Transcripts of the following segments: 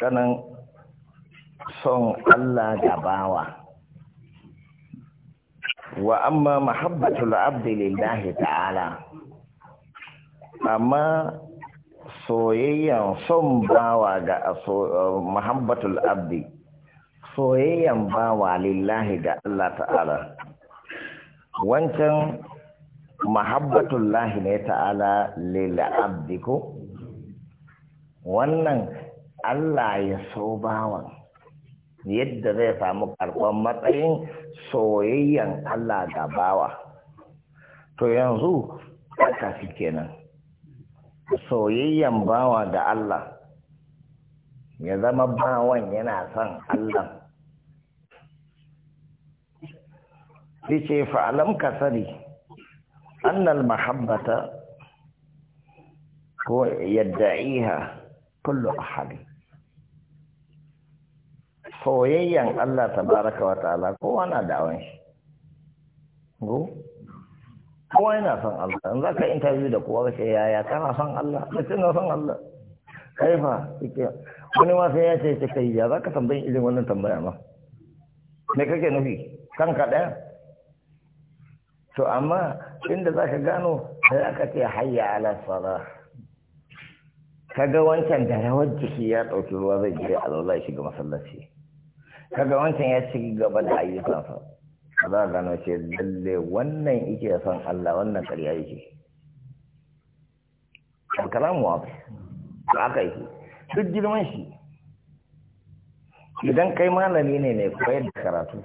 sanan son Allah da bawa wa amma mahabbatul abdi lillahi ta'ala amma soyayyan son bawa ga mahabbatul abdi soyayyan bawa lillahi ga Allah ta'ala wancan mahabbatul lahi ne ta'ala lil abdi ko wannan Allah ya so bawan yadda zai samu karɓar matsayin soyayyan Allah da bawa. To yanzu aka fi kenan. Soyayyan bawa da Allah ya zama bawan yana son Allah. Dice fa'alam ka sani, annal mahabbata ko yadda kullum kullu halin. soyayyan Allah tabaraka wa ta'ala kowa na da'awan shi go kowa yana son Allah in zaka interview da kowa ce yaya kana son Allah ce na son Allah kai fa kike wani ma sai ya ce ce kai ya zaka tambayin irin wannan tambaya ma me kake nufi ka daya to amma inda zaka gano sai aka ce hayya ala salah kaga wancan da rawar jiki ya ɗauki ruwa zai je a zaula shiga masallaci kaga wancan ya ci gaba da ayyukansa za a gano ce lalle wannan ike son Allah wannan ƙarya yake kalamu wa da aka yi duk girman shi idan kai malami ne mai koyar da karatu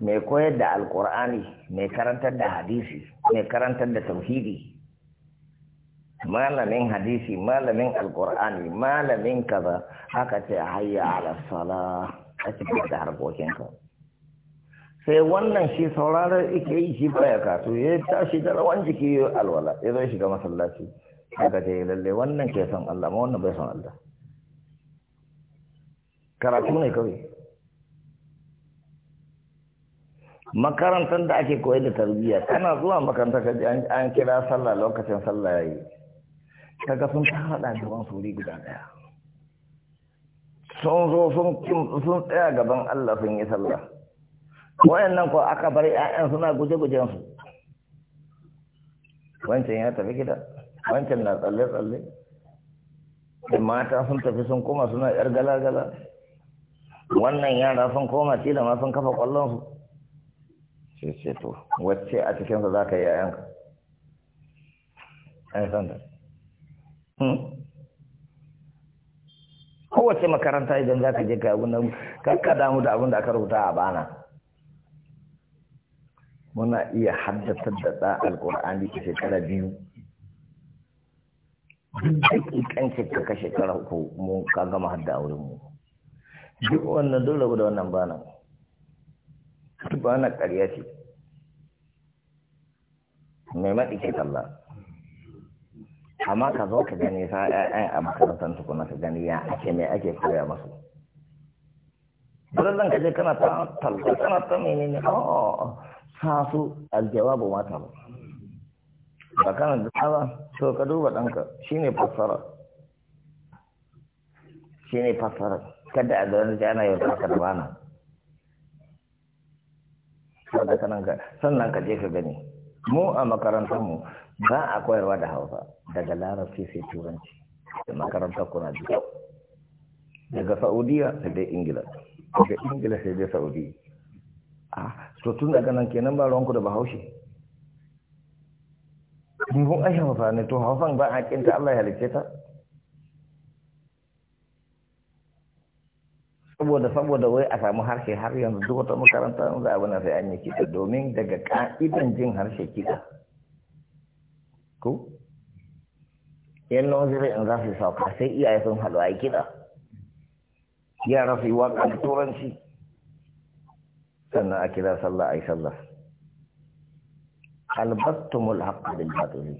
mai koyar da alkur'ani mai karantar da hadisi mai karantar da tauhidi malamin hadisi malamin alkur'ani malamin kaza haka ce hayya ala sala a cikin da harkokinka sai wannan shi sauraron ike yi shi baya kasu ya tashi da rawan jiki alwala ya zo shiga masallaci haka ce lalle wannan ke son Allah ma wannan bai son Allah karatu ne kawai makarantar da ake koyar da tarbiyya tana zuwa makarantar ka an kira sallah lokacin sallah yayi kaga sun haɗa gaban suri guda ɗaya sun zo sun tsaya gaban Allah sun yi sallah nan ko aka bar 'ya'yan suna guje-gujen su wancan ya tafi gida wancan na tsalle-tsalle da mata sun tafi sun koma suna yar gala-gala wannan yara sun koma ci da ma sun kafa kwallon su sai ce to wacce a cikinsa za ka yi 'ya'yanka 'yan sanda Hmm. kowace makaranta idan za ka je ka abin ka damu da abin da aka rubuta a bana muna iya haddatar da ɗa alkur'ani a shekara biyu duk ƙancin ka ka shekara uku mu ka gama hadda a wurin mu duk wannan dole da wannan bana duk bana ƙarya ce mai maɗi ke kalla amma ka zo ka gani sa ƴaƴan a makarantar tukuna ka gani ya ake mai ake koya masu Bulallan ka je kana ta talga kana ta menene oh sa su aljawabu mata ba ba kana da ba to ka duba ɗanka shine fassara shine fassara kada a zaune da ana yau ka da bana sannan ka je ka gani mu a makarantar mu ba a koyarwa da hausa daga larabci sai turanci da makaranta kuna biyu daga saudiya sai dai ingila daga ingila sai dai saudiya a to tun daga nan kenan ba ruwanku da bahaushe kun ai hausa ne to hausan ba a kinta allah ya halicce ta saboda saboda wai a samu harshe har yanzu duk wata makaranta za a bana sai an yi kita domin daga ka'idan jin harshe kita ko yan nozire zai za su sauka sai iyaye sun haɗu a kiɗa yara su yi waƙa da turanci sannan a kira sallah a yi sallah albattumul haqqi bil batili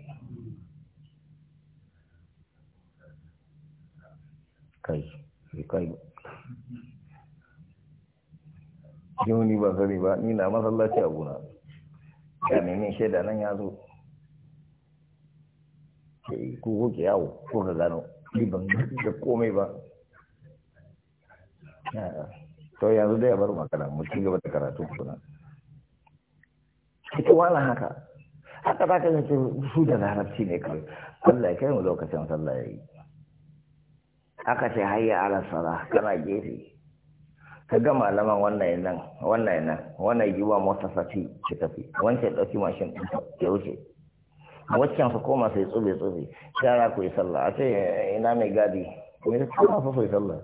kai kai yau ni ba sani ba ni na masallaci a gona ya nemin shaida nan ya zo ko ku kuke yawo ko ka gano ni ban da komai ba to yanzu dai a bar makana mu ci gaba da karatu kuna ita wala haka haka ba ka zace su da larabci ne kawai Allah ya kai mu lokacin sallah yayi aka ce hayya ala sala kana gefe ka ga malaman wannan yana wannan nan wannan yiwa motsa sati ki tafi wancan dauki mashin ya wuce waccan fa koma sai tsube tsube yara ku yi sallah a ce ina mai gadi me ta kama fa yi sallah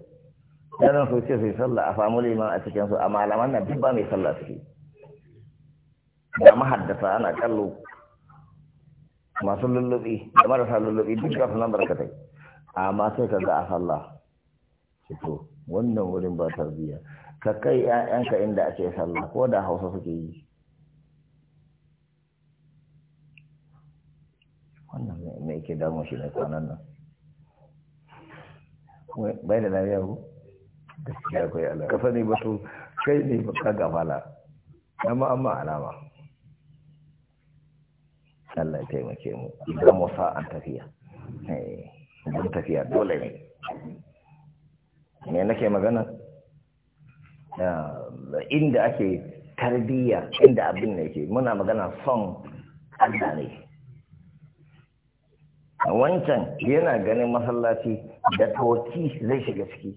yaran su ce sai sallah a samu liman a cikin su a malaman na duk ba mai sallah suke da mahaddasa ana kallo masu lullubi da marasa lullubi duk su nan barkatai amma sai ka ga a sallah to wannan wurin ba tarbiyya ka kai 'ya'yanka inda ake sallah ko da hausa suke yi ke damu shi ne kwanan nan bai da lafiya ku gaskiya ko ya ala kafa ne ba to kai ne ba ka gafala amma amma alama Allah ya taimake mu idan mu sa an tafiya eh idan tafiya dole ne me nake magana inda ake tarbiyya inda abin ne ke muna magana son Allah ne wancan yana ganin masallaci da toki zai shiga ciki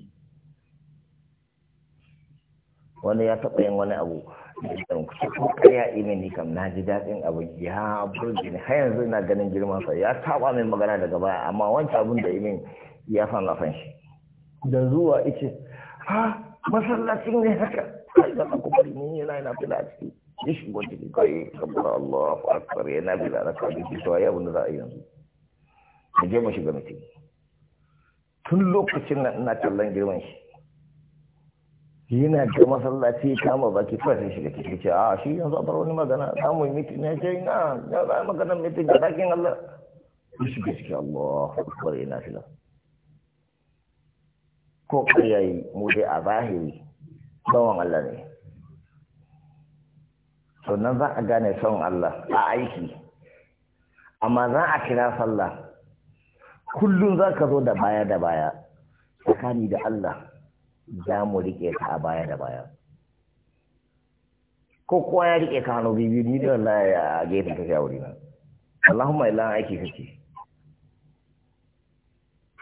wani ya taɓa yin wani abu kusa ya ime ni kam na ji daɗin abu ya burge ni har yanzu ina ganin girman sa ya taɓa min magana daga baya amma wancan abin da imin ya san na san shi da zuwa ice ha masallacin ne haka kai da ku bari ni yana ina fila a ciki ya shigo ciki kai kabbar Allahu akbar yana fila na kabi to ya abin da za a yi yanzu mu je mu shiga tun lokacin na ina tallan girman shi yana da masallaci kama baki kawai shi da kike ce a ah, shi yanzu a bar wani magana za mu yi miti ya ce na ya za magana miti ga dakin Allah ya ga shi Allah akbar ina fila ko kariya yi mu dai a zahiri tsawon Allah ne sannan za a gane son Allah a aiki amma za a kira sallah kullum za ka zo da baya da baya tsakani da Allah za mu riƙe ka a baya da baya ko kowa ya rike ka hannu biyu ni da Allah ya gefe kake a wurina Allahumma ila aiki kake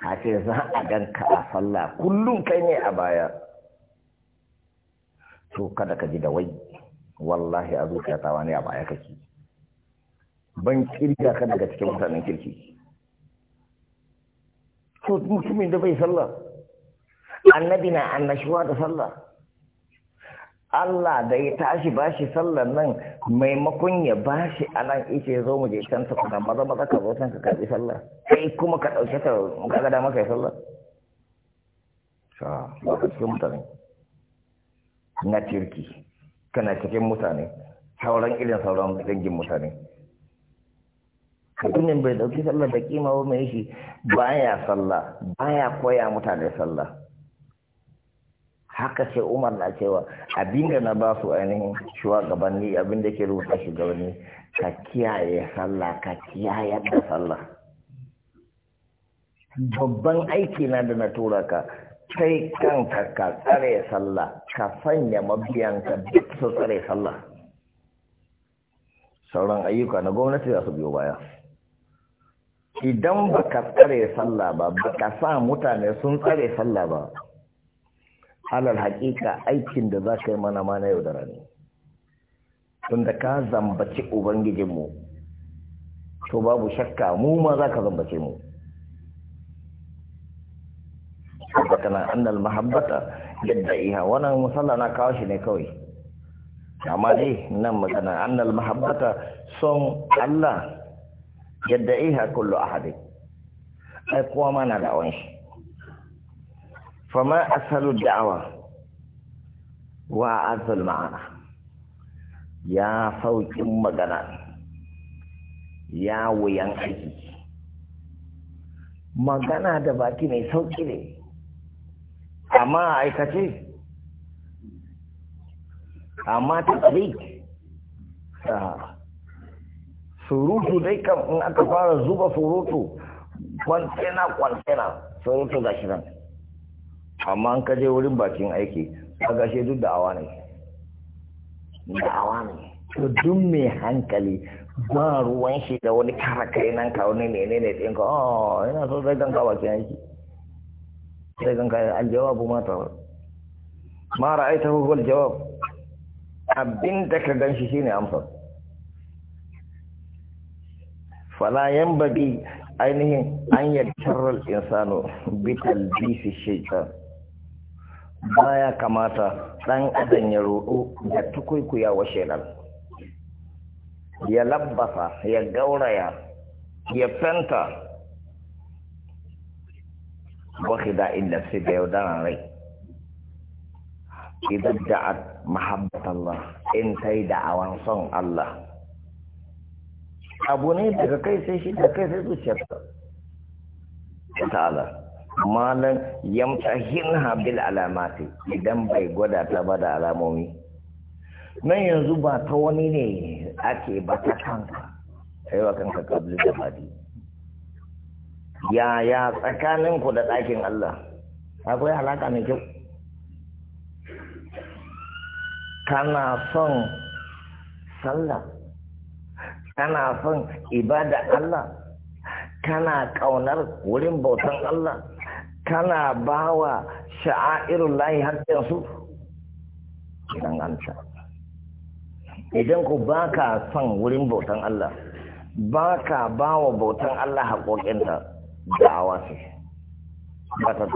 a ce za a gan ka a sallah kullum kai ne a baya to kada ka ji da wai wallahi a zuciya tawa ne a baya kake ban kirga ka daga cikin mutanen kirki to mutumin da bai sallah annabi na annashuwa da sallah Allah da ya tashi bashi sallar nan maimakon ya bashi a nan ice zo mu je can kuma maza maza ka zo can ka karbi sallah sai kuma ka ɗauke ta ka gada maka ya sallah sa ah, ba ka cikin mutane na kirki kana cikin mutane sauran irin sauran dangin mutane mutumin bai dauki sallah da kima ba mai shi baya sallah baya koya mutane sallah haka sai umar na cewa abinda na ba su ainihin shugabanni abinda ke rubuta shugabanni ka kiyaye sallah ka kiyaye da sallah babban aiki na da na tura ka kai kanka ka tsare sallah ka sanya mabiyanka duk su tsare sallah sauran ayyuka na gwamnati za su biyo baya idan ba baka tsare sallah ba ba ka sa mutane sun tsare sallah ba halar hakika aikin da za ka yi mana mana yau da rani tunda ka zambaci ubangijinmu to babu shakka mu ma za ka zambace mu kana annal mahabbata yadda iya wannan musalla na kawo shi ne kawai amma dai nan magana annal mahabbata son Allah yadda iha kullu ahadi ai kowa ma na da'awan shi fama asalu da'awa wa azal ma'ana ya saukin magana ya wuyan aiki magana da baki mai sauki ne amma aikace amma ta tsari ah. surutu dai kam in aka fara zuba surutu kwantena kwantena surutu ga shi nan amma an kaje wurin bakin aiki a gashe duk da awa ne da awa ne to duk mai hankali ba ruwan shi da wani karakai nan ka wani ne ne ɗin ka oh ah, yana so zai ganka bakin aiki sai ganka aljawabu mata mara aita hukumar jawab abin da ka gan shi shine amsar fala yanbaghi ainihin an yadtarra insano, bitar bisu talbisi baya kamata dan adam ya rodo da tukuikuya wa ya labbasa ya gauraya ya fenta fanta da inda sai da yaudaran rai idan da'ad mahabbat in ta yi da'awan son Allah abu ne daga kai sai shi da kai sai ta ta'ala malan yamtahinha bil alamati idan bai gwada ta ba da alamomi nan yanzu ba ta wani ne ake ba ta kanka kai wa kanka kabli da fadi ya ya tsakanin ku da ɗakin Allah akwai alaka ne kyau kana son sallah kana son ibada Allah kana ƙaunar wurin bautan Allah kana bawa sha'airun layi su idan amsa. idan ku ba ka son wurin bautan Allah ba ka ba wa bautan Allah haƙoƙinta da wasu, ba ta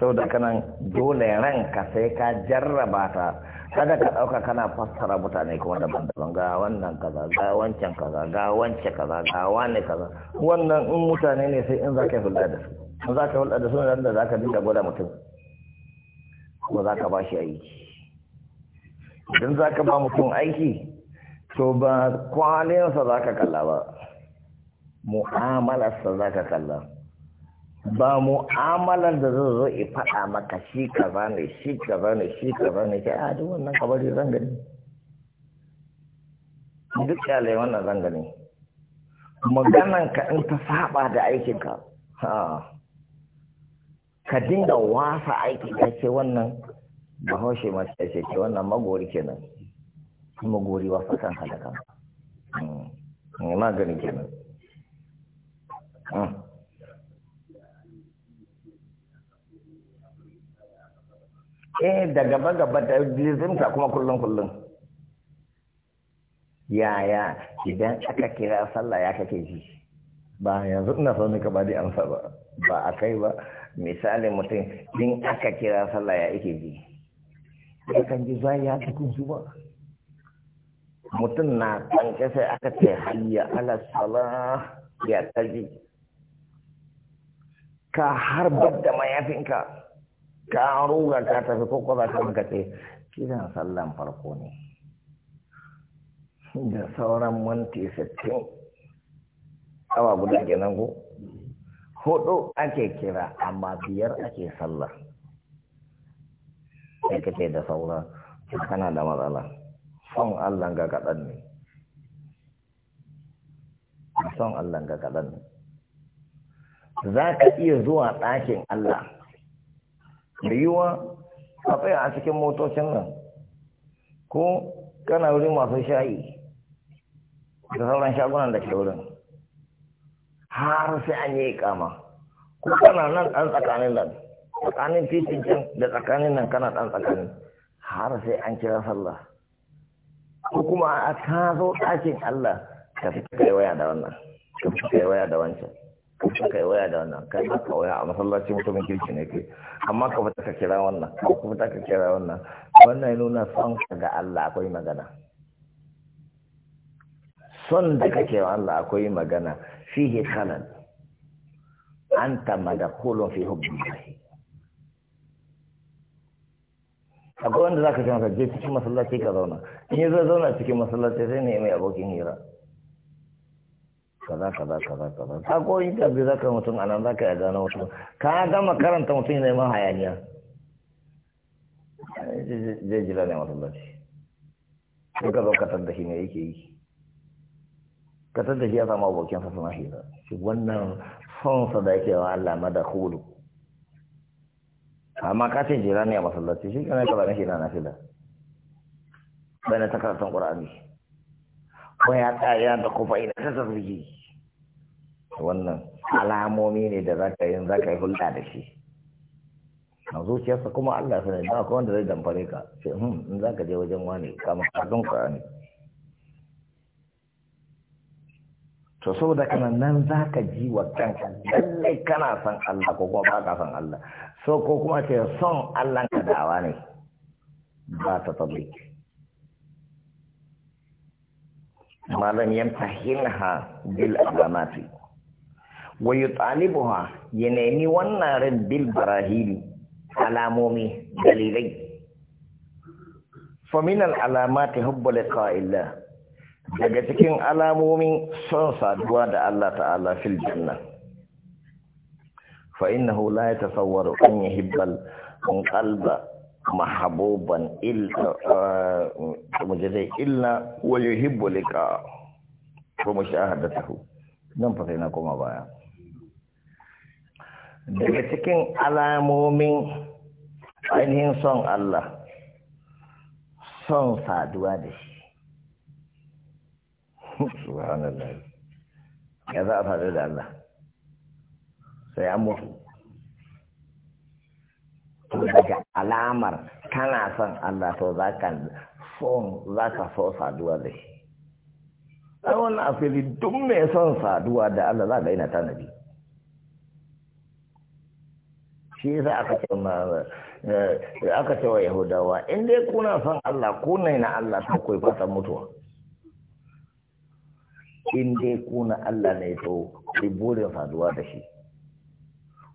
sau da kanan dole ranka sai ka jarraba ta kada ka ɗauka kana fassara mutane kuma daban-daban ga wannan kaza ga wancan kaza ga wancan kaza ga wani kaza wannan in mutane ne sai in za ka hulɗa da su in za ka hulɗa da su ne da za ka dinga gwada mutum kuma za ka ba shi aiki idan za ka ba mutum aiki to ba kwalinsa za ka kalla ba mu'amalarsa za ka kalla ba amalan da zai zo ya faɗa maka shi ka ne shi ka ne shi ka ne ke a ah, duk wannan kabari zan gani duk yalai wannan zan gani maganan ka in ta saba da aikin ka ka dinga wasa aiki ka ce wannan bahaushe masu ya ce wannan magori kenan magori wasa kan ne hmm, magani kenan hmm. eh da gaba gaba da lizimta kuma kullum kullum yaya idan aka kira sallah ya kake ji ba yanzu ina so ka ba dai amsa ba ba a kai ba misali mutum in aka kira sallah ya ike ji ya kan ji zai ya cikin su ba mutum na kan sai aka ce hayya ala salah ya taji ka har da mayafinka ka ruga ka tafi ko ko ba ka maka ce kiran sallan farko ne da sauran minti sittin awa guda kenan ko hudu ake kira amma biyar ake sallah sai ka ce da sauran kana da matsala son Allah ga kaɗan ne son Allah ga kaɗan ne za ka iya zuwa ɗakin Allah riwa yiwa a tsaya a cikin motocin nan ko kana wurin masu shayi da sauran shagunan da ke wurin har sai an yi kama ko kana nan ɗan tsakanin nan tsakanin titin can da tsakanin nan kana ɗan tsakanin har sai an kira sallah ko kuma a ka zo ɗakin Allah ka fi kai waya da wannan ka fi kai waya da wancan kuma kai waya da wannan kai ma ka waya a masallaci mutumin kirki ne kai amma ka fita ka kira wannan ka fita ka kira wannan wannan nuna son ka ga Allah akwai magana son da ka wa Allah akwai magana fihi khalal anta madakhulun fi a akwai wanda ka ce masa je cikin masallaci ka zauna in ya zauna cikin masallaci sai ne mai abokin hira kaza kaza kaza kaza ta ko in ka bi zaka mutum anan zaka ya gano mutum ka gama karanta mutum ne ma hayaniya zai jira ne mutum bace ko ka zo ka da shi ne yake yi ka da shi ya samu abokin sa shi da shi wannan son sa da yake wa Allah madakhulu amma ka ce jira ne a masallaci shi kana ka ba na hira na da bayan ta karatun qur'ani ko ya tsaya da kuma ina ta tafi wannan alamomi ne da zaka yin zaka yi hulɗa da shi a zuciyarsa kuma Allah ya sani ba wanda zai damfare ka sai hmm in zaka je wajen wani kama kadun ka ne to saboda kana nan zaka ji wa kanka lallai kana san Allah ko kuma baka san Allah so ko kuma ce son Allah ka dawa ne ba ta tabbaki bil ما لم يمتحنها بالعلامات wannan ينمي bil بالبراهين alamomi dalilai faminal alamati hubbu liqa illah daga cikin alamomin son saduwa da Allah ta'ala fil janna fa Hula ya yatasawwaru an yuhibbal qalba mahabuban mujadai illa wa yuhibbu liqa ko mushahadatahu nan fa sai na koma baya daga cikin alamomin ainihin son Allah son saduwa da shi subhanallah ya za a faru da Allah sai an mutu to daga alamar kana son Allah to za ka son za ka so saduwa da shi ai wannan a fili duk mai son saduwa da Allah za ka yi na tanadi shi yasa aka ce eh, aka ce wa yahudawa in dai kuna son Allah ko na Allah to kai fata mutuwa in dai kuna Allah ne to kai burin saduwa da shi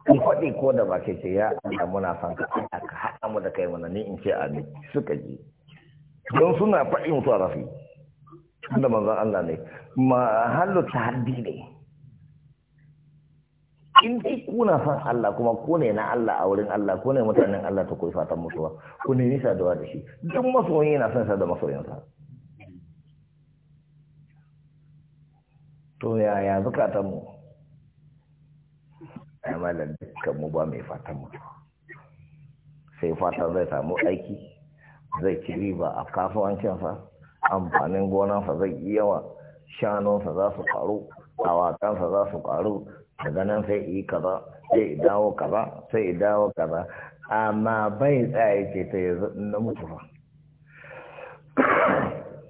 in faɗi ko da ba ke ce ya Allah muna son ka Allah ka haɗa mu da kai mana ni in ce amin suka ji don suna faɗi mutu a rafi da manzon Allah ne ta tahaddi ne in dai kuna son Allah kuma ku ne na Allah a wurin Allah ku ne mutanen Allah ta koyi fatan mutuwa ku ne nisa da da shi duk masoyi yana son sa da masoyinsa to yaya zukatanmu mu ai malam dukkan mu ba mai fatan mutuwa sai fatan zai samu aiki zai ci riba a kasuwancinsa amfanin gonansa zai yi yawa shanunsa za su karu awakansa za su karu daga nan sai yi kaza sai dawo kaza sai dawo kaza amma bai tsaye ce ta yanzu na mutu fa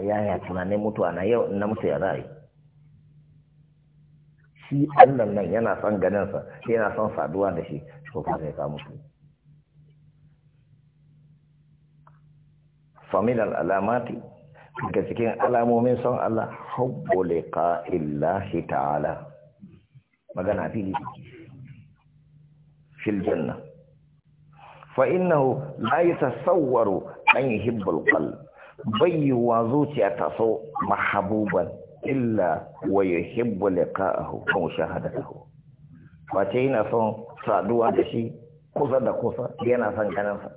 yaya tunanin mutuwa na yau na mutu ya za a yi shi Allah nan yana son ganinsa yana son saduwa da shi ko fa zai samu mutu famin alamati daga cikin alamomin son Allah hubbu liqa'illahi ta'ala magana fili fil janna fa innahu la yatasawwaru an yuhibbul qalb bayyu wa zuciya ta so mahabuban illa wa yuhibbu a aw shahadatahu wace yana son saduwa da shi kusa da kusa yana son ganinsa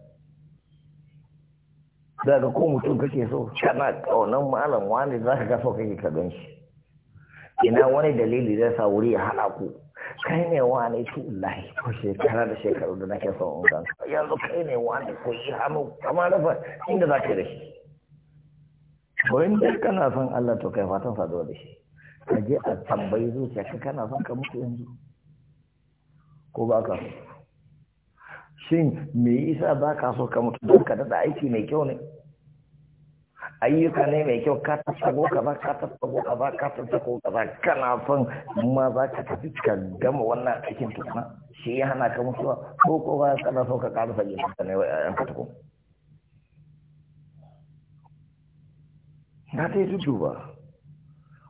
daga ko mutum kake so kana kaunan malam wani zaka ka so kake ka gan shi ina wani dalili zai sa wuri ya haɗa ku kai ne wani tullahi ko shekara da shekaru da nake son in ganka yanzu kai ne wani ko shi hannu kamar inda za ka da shi bayan dai kana son Allah to kai fatan sado da shi ka je a tambayi zuciya ka kana son ka mutu yanzu ko ba ka so shin me yasa ba ka so ka mutu don ka daɗa aiki mai kyau ne ayyuka ne mai kyau ka tattago ka ba ka tattago ka ba ka tattago ka ba kana son ma za ka tafi ka gama wannan aikin tukuna shi ya hana ka mutuwa ko ko ba kana so ka ƙarasa yin ne wa ka tukuna na ta yi ba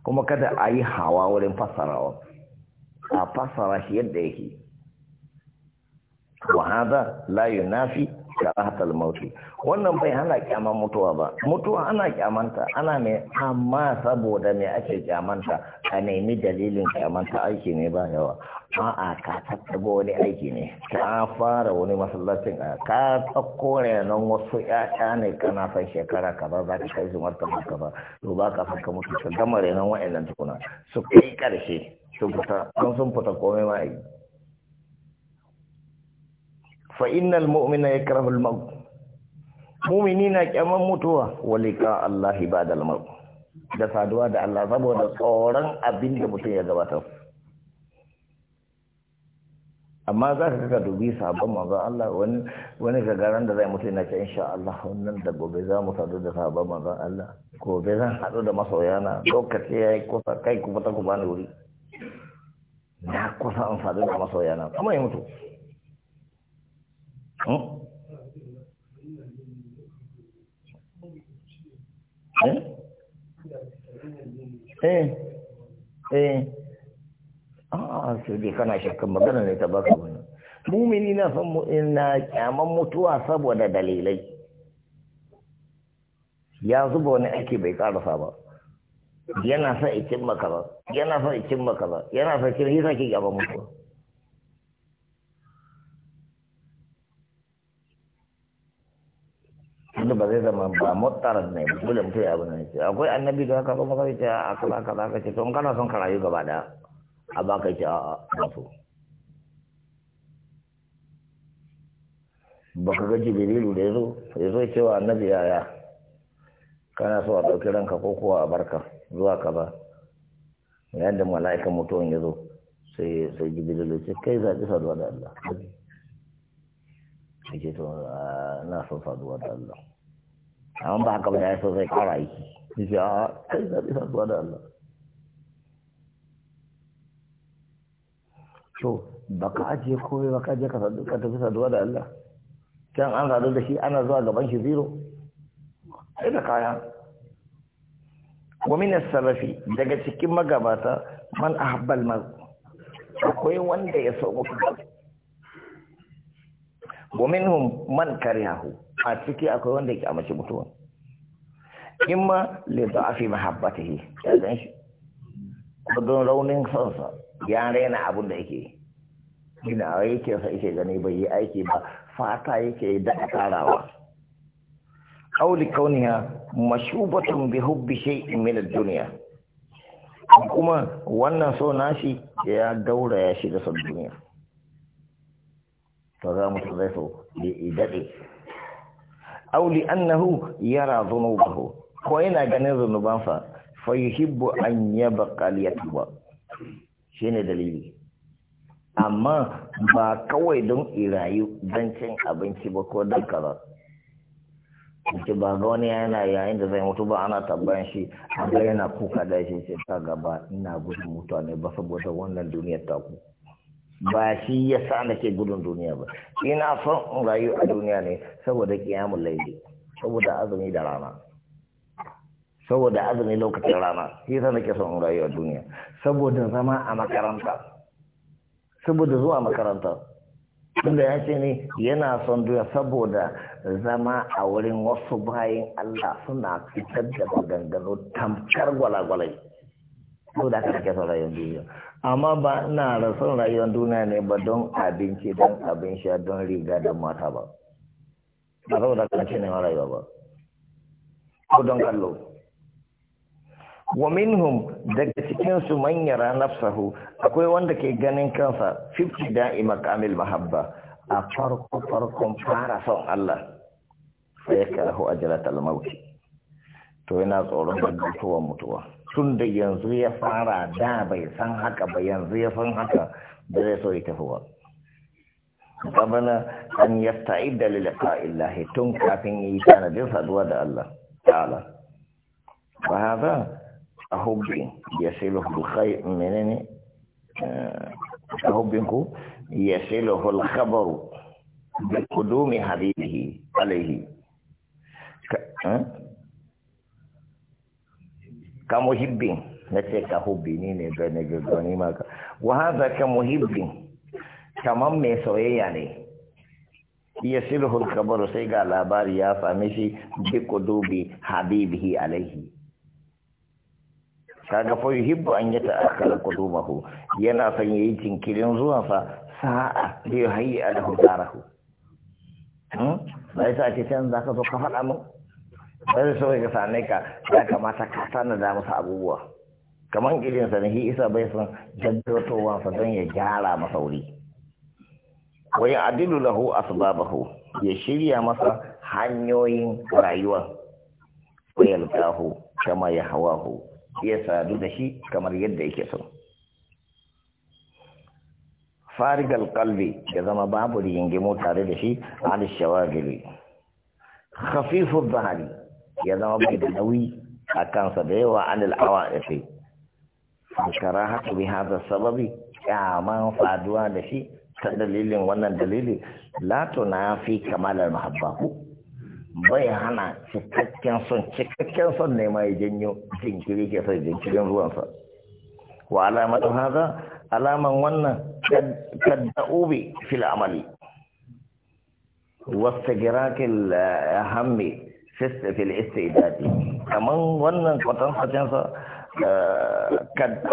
kuma kada a yi hawa wurin fassarawa a fassara shi yadda yake wa hada la yunafi karahatal mauti wannan bai hana kyama mutuwa ba mutuwa ana kyamanta ana ne amma saboda me ake kyamanta a nemi dalilin kyamanta aiki ne ba yawa a'a ka tattabo wani aiki ne ka fara wani masallacin a ka tsakko renon wasu 'ya'ya ne kana san shekara kaba za ka kai su maka ba, to ba ka san ka mutu ka gama renon wa'annan tukuna su kai karshe su fita don sun fita komai ma aiki fa innal mu'mina yakrahu al-maut mu'mini na kyaman mutuwa wa liqa Allah ibadal maut da saduwa da Allah saboda tsoron abin da mutum ya gabatar amma za ka ga dubi sabon manzon Allah wani wani gagaran da zai mutu na ce insha Allah wannan da gobe za mu sadu da sabon manzon Allah gobe zan haɗu da masoyana lokaci yi kusa kai ku ta ku bani wuri na kusa an sadu da masoyana kuma ya mutu Oh. eh eh, eh. a'a ah, sai kana shakkan magana ne ta baka wani mumini na san na kyaman mutuwa saboda dalilai ya zuba wani aiki bai karasa ba yana sa ikin maka ba yana sa ikin maka ba yana sa ikin yi sa ke gaba mutuwa ba zai zama ba mutar ne dole mutum ya abin nan akwai annabi da haka kuma kai ce a kaza kaza ka ce to kana son karayu gaba da a ba kai ce a ba ba ka ga jibrilu da yazo yazo cewa annabi ya ya kana so a dauki ranka ko kuwa a barka zuwa ka ba yadda mala'ikan mutuwan zo sai sai jibrilu ce kai zabi saduwa da Allah ake to na son faduwa da Allah amma ba haka ba ya so zai kara aiki yace a kai da bisa zuwa da Allah to baka ajiye komai baka ajiye ka sadu ka tafi saduwa da Allah can an sadu da shi ana zuwa gaban shi zero sai da kaya wa min as-salafi daga cikin magabata man ahabbal mar akwai wanda ya so muku wa minhum man karihahu a ciki akwai wanda ya amince mutuwa in ma lezo a fi mahabbatihi ya zan shi don raunin sonsa ya raina abin da yake gina a yake sa yake gani bai yi aiki ba fata yake da tarawa Auli kauniya mashubatun bi hubbi shay'in min ad-dunya kuma wannan so nashi ya gaura ya shiga son duniya to za mu zai so ya daɗe auli annahu yara dhunubahu ko yana ganin zunubansa fa yuhibbu an yabqa liyatuba shine dalili amma ba kawai don irayu don cin abinci ba ko don kaza ce ba ga wani yana yayin da zai mutu ba ana tabbayan shi a yana kuka da shi sai ta gaba ina gudun mutane ba saboda wannan duniyar taku ba shi ya sa nake gudun duniya ba ina son in rayu a duniya ne saboda kiyamun laifi saboda azumi da rana saboda azumi lokacin rana shi na nake son in rayu a duniya saboda zama a makaranta saboda zuwa makaranta tunda ya ce ne yana son duya saboda zama a wurin wasu bayan Allah suna fitar da maganganu tamkar gwalagwalai ko da kake son rayuwar duniya amma ba ina son rayuwar duniya ne ba don abinci don abin sha don riga don mata ba ba da kake ne rayuwa ba ko don kallo wa hum daga cikin su nafsahu akwai wanda ke ganin kansa da ima kamil mahabba a farko farkon fara son Allah fa yakrahu ajratal mauti to yana tsoron mutuwa mutuwa tun da yanzu ya fara da bai san haka ba yanzu ya san haka da zai so ya tafi ba gabana an yasta'idda li liqa'illahi tun kafin yi tanadin saduwa da Allah ta'ala ba haza wa hadha ahubbi yasiluhu al-khayr menene a ahubbinku yasiluhu al-khabaru bi kudumi habibihi alaihi ka muhibbin na ce ka hubbi ni ne ne na maka wa haza ka muhibbin kamar mai soyayya ne iya silhul kabar sai ga labari ya same shi bi kudubi habibihi alaihi kaga fa yuhibbu an yata'akkala qudumahu yana son yayi jinkirin zuwa fa sa'a bi hayya alahu darahu hmm bai sa ce can zaka zo ka faɗa mu sai so ya sanai ka ya kamata ka sanar da masa abubuwa kamar irin sa hi isa bai san jaddatowa sa don ya gyara masa wuri wa ya adilu lahu asbabahu ya shirya masa hanyoyin rayuwa wa yalqahu kama ya hawahu ya sadu da shi kamar yadda yake so farigal kalbi ya zama babu rigingimo tare da shi al shawagili khafifu dhahari ya zama mai da nauyi a kansa da yawa an al'awa da fi shekara haka bi haza sababi kyaman faduwa da shi ta dalilin wannan dalili lato na fi kamalar mahabba ku bai hana cikakken son cikakken son ne mai janyo jinkiri ke sai jinkirin ruwansa wa alamatu haza alaman wannan kadda'ubi fil amali wasu girakin eh, hammi fil istidadi kaman wannan kwatan kwatan sa eh, kad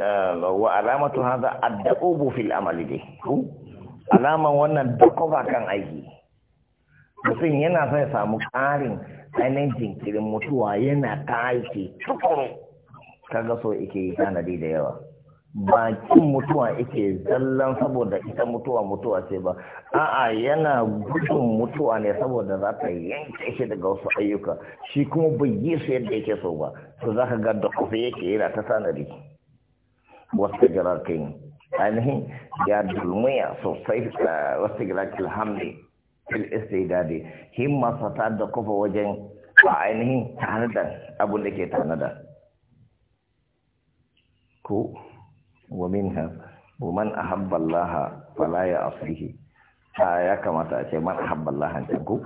eh, wa alamatu hadha ad fil amali dai alaman wannan kan aiki mutum yana sai samu ƙarin ainihin jinkirin mutuwa yana ta aiki tukuru kaga so yake yi tanadi da yawa bakin mutuwa yake zallan saboda ita mutuwa mutuwa ce ba a'a yana gudun mutuwa ne saboda za ta yanke shi daga wasu ayyuka shi kuma bai yi su yadda yake so ba to za ka ga da yake yana ta sanari wasu jirakin ainihin ya dulmiya sosai wasu jirakin hamdi fil istidadi himma sata da kufa wajen ainihin tanadar abin da ke tanadar ko ومنها ومن أحب الله فلا يعصيه ya kamata a ce man ahabba Allah an tanku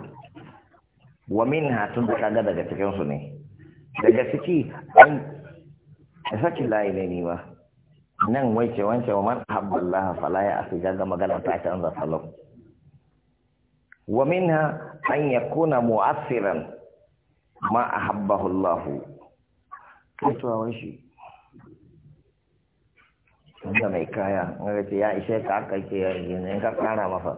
wa minha tun da kaga daga cikin su ne daga ciki an saki layi ne ni ba nan wai ce wance wa man ahabba Allah fala ya asi ga magana ta canza salon wa minha an yakuna mu'assiran ma ahabbahu Allah to to shi 总也没改啊，我个只一些改革，只要有人家改了嘛好。